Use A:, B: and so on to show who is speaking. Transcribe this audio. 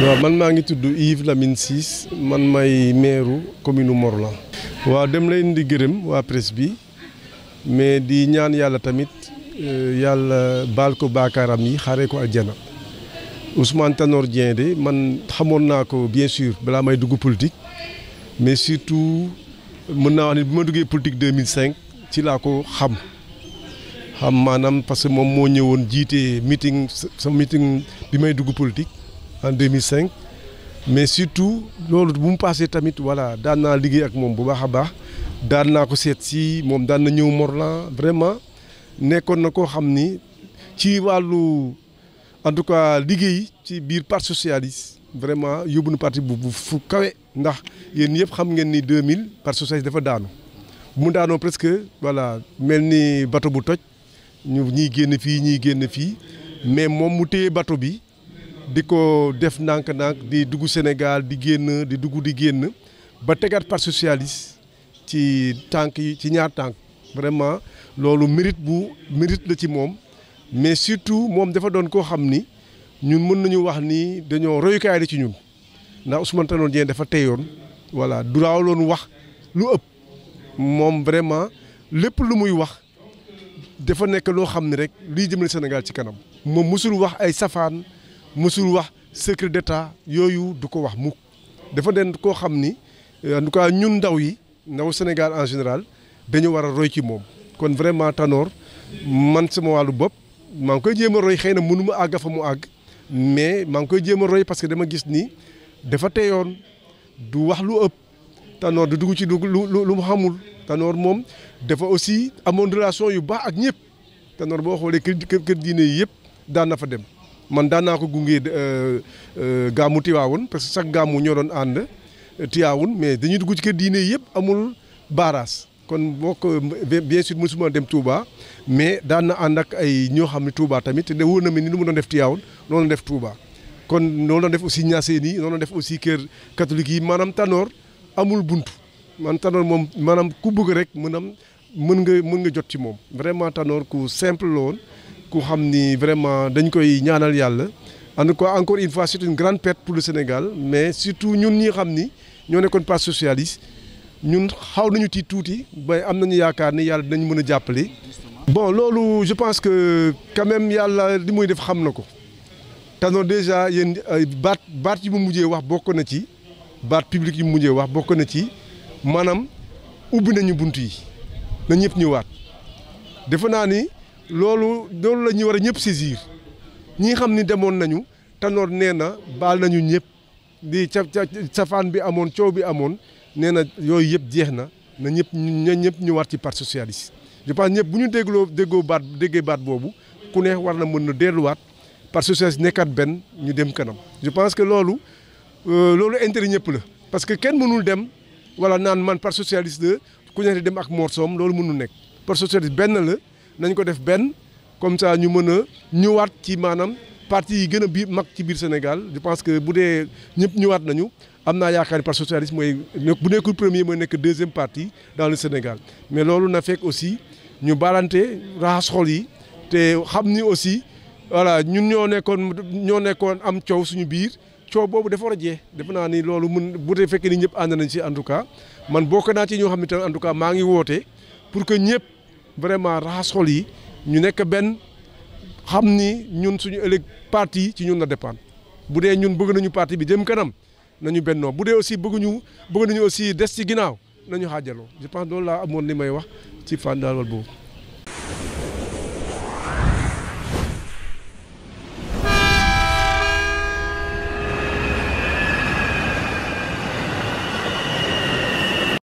A: waaw man maa ngi tudd Yves Lamine Ciss man may maire commune Morlan waaw dem la di gërëm waa presse bi mais di ñaan yàlla tamit euh, yàlla baal ko baakaaram yi xaaree ko aljana Ousmane Tanor Dieng de man xamoon naa ko bien sûr balaa may dugg politique mais surtout mën naa wax ne bi ma duggee politique 2005 ci laa ko xam xam maanaam parce que moom moo ñëwoon jiite meeting sa meeting bi may dugg politique. en 2005 mais surtout loolu bu mu passé tamit voilà daan naa liggéey ak moom bu baax a baax daan naa ko seet si moom daan na ñëw Morlan vraiment nekkoon na koo xam ni ci wàllu en tout cas liggéey ci biir parti socialiste vraiment yóbbu na partie bu fu kawe ndax yéen yëpp xam ngeen ni 2000 parti socialiste dafa daanu mu daanoo presque voilà mel ni bato bu toj ñu ñiy génn fii ñiy génn fii mais moom mu téye bato bi di ko def ndànk-ndànk di dugg Sénégal di génn di dugg di génn ba tegaat parti socialiste ci tànk yi ci ñaar tànk vraiment loolu mérit bu mérite la ci moom mais surtout moom dafa doon koo xam ni ñun mën nañu wax ni dañoo royukaay ci ñun ndax Ousmane Tanor Dieng dafa teyoon voilà du raawloon wax lu ëpp moom vraiment lépp lu muy wax dafa nekk loo xam ne rek liy jëmale Sénégal ci kanam moom mësul wax ay safaan mësul wax secret d'état yooyu du ko wax mukk dafa den koo xam ni euh, en tout cas ñun ndaw yi ndaw Sénégal en général dañu war a roy ci moom kon vraiment Tanor man sama wàllu bopp maa ngi koy jéem a roy xëy na mënu ma àgg fa mu àgg mais maa ngi koy jéem a roy parce que dama gis nii dafa teyoon du wax lu ëpp Tanor du dugg ci lu lu mu xamul Tanor moom dafa aussi amoon relation yu baax ak ñëpp Tanor boo xoolee kër kër diine yi yëpp daan na fa dem man daan naa ko gunge euh, euh, gàmmu Tiwaawoon parce que chaque gàmmu ñoo doon ànd euh, Tiwaawoon mais dañuy dugg ci kër diine yëpp amul baaraas kon boo ko bien sûr mosuma dem Touba mais daan na ànd ak ay ñoo xam ne Touba tamit te wóor na mi ni nu mu doon def Tiwaawoon noonu def Touba. kon noonu doon def aussi Ñaseen yi noonu def aussi kër catholique yi maanaam tanoor amul buntu man tanoor moom maanaam ku bëgg rek mën am mën nga mën nga jot ci moom vraiment tanoor ku simple la ku xam ni vraiment dañ koy ñaanal yàlla en tout cas encore une fois c'est une grande perte pour le Sénégal mais surtout ñun ñi xam ni ñoo nekkoon parti socialiste ñun xaw nañu ci tuuti ba am nañu yaakaar ni yàlla dinañ mën a jàppale. bon loolu je pense que quand même yàlla li muy def xam na ko tanoon déjà yéen baat baat yi mu mujjee wax bokk na ci baat public yi mu mujjee wax bokk na ci maanaam ubbi nañu bunt yi na ñëpp ñëwaat defe naa ni. loolu loolu la ñuy war a ñëpp saisir ñi nga xam ni demoon nañu Tanor nee na baal nañu ñëpp di ca ca safaan bi amoon coow bi amoon nee na yooyu yëpp jeex na na ñëpp ñu ñëpp ñu war ci parti socialiste. je pense ñëpp bu ñu dégloo déggoo baat déggee baat boobu ku ne war na mën na delluwaat parti socialiste nekkaat benn ñu dem kanam. je pense que loolu euh, loolu intérêt ñëpp la parce que kenn mënul dem wala naan man parti socialiste la ku nekk dem ak morsoom loolu mënul nekk parti socialiste benn la. nañ ko def benn comme ça ñu mën a ñëwaat ci maanaam parti yi gën a biir mag ci biir Sénégal je pense que bu dee ñëpp ñëwaat nañu am naa yaakaar ni parti socialiste mooy bu nekkul premier mooy nekk deuxième parti dans le Sénégal mais loolu na fekk aussi ñu baalante raxas xol yi te xam ni aussi voilà ñun ñoo nekkoon ñoo nekkoon am coow suñu biir coow boobu dafa war a jeex defe naa ni loolu mun bu dee fekkee ni ñëpp ànd nañ ci en tout cas man bokk naa ci ñoo xam ne en tout cas maa ngi woote pour que ñëpp vraiment raxas xol yi ñu nekk benn xam ni ñun suñu ëllëg parti ci ñun la dépendre bu dee ñun bëgg nañu partie bi jëm kanam nañu bennoo bu dee aussi bëgguñu bëgg nañu aussi des ci ginnaaw nañu xaajaloo je pense loolu laa amoon li may wax ci fànn daal boobu.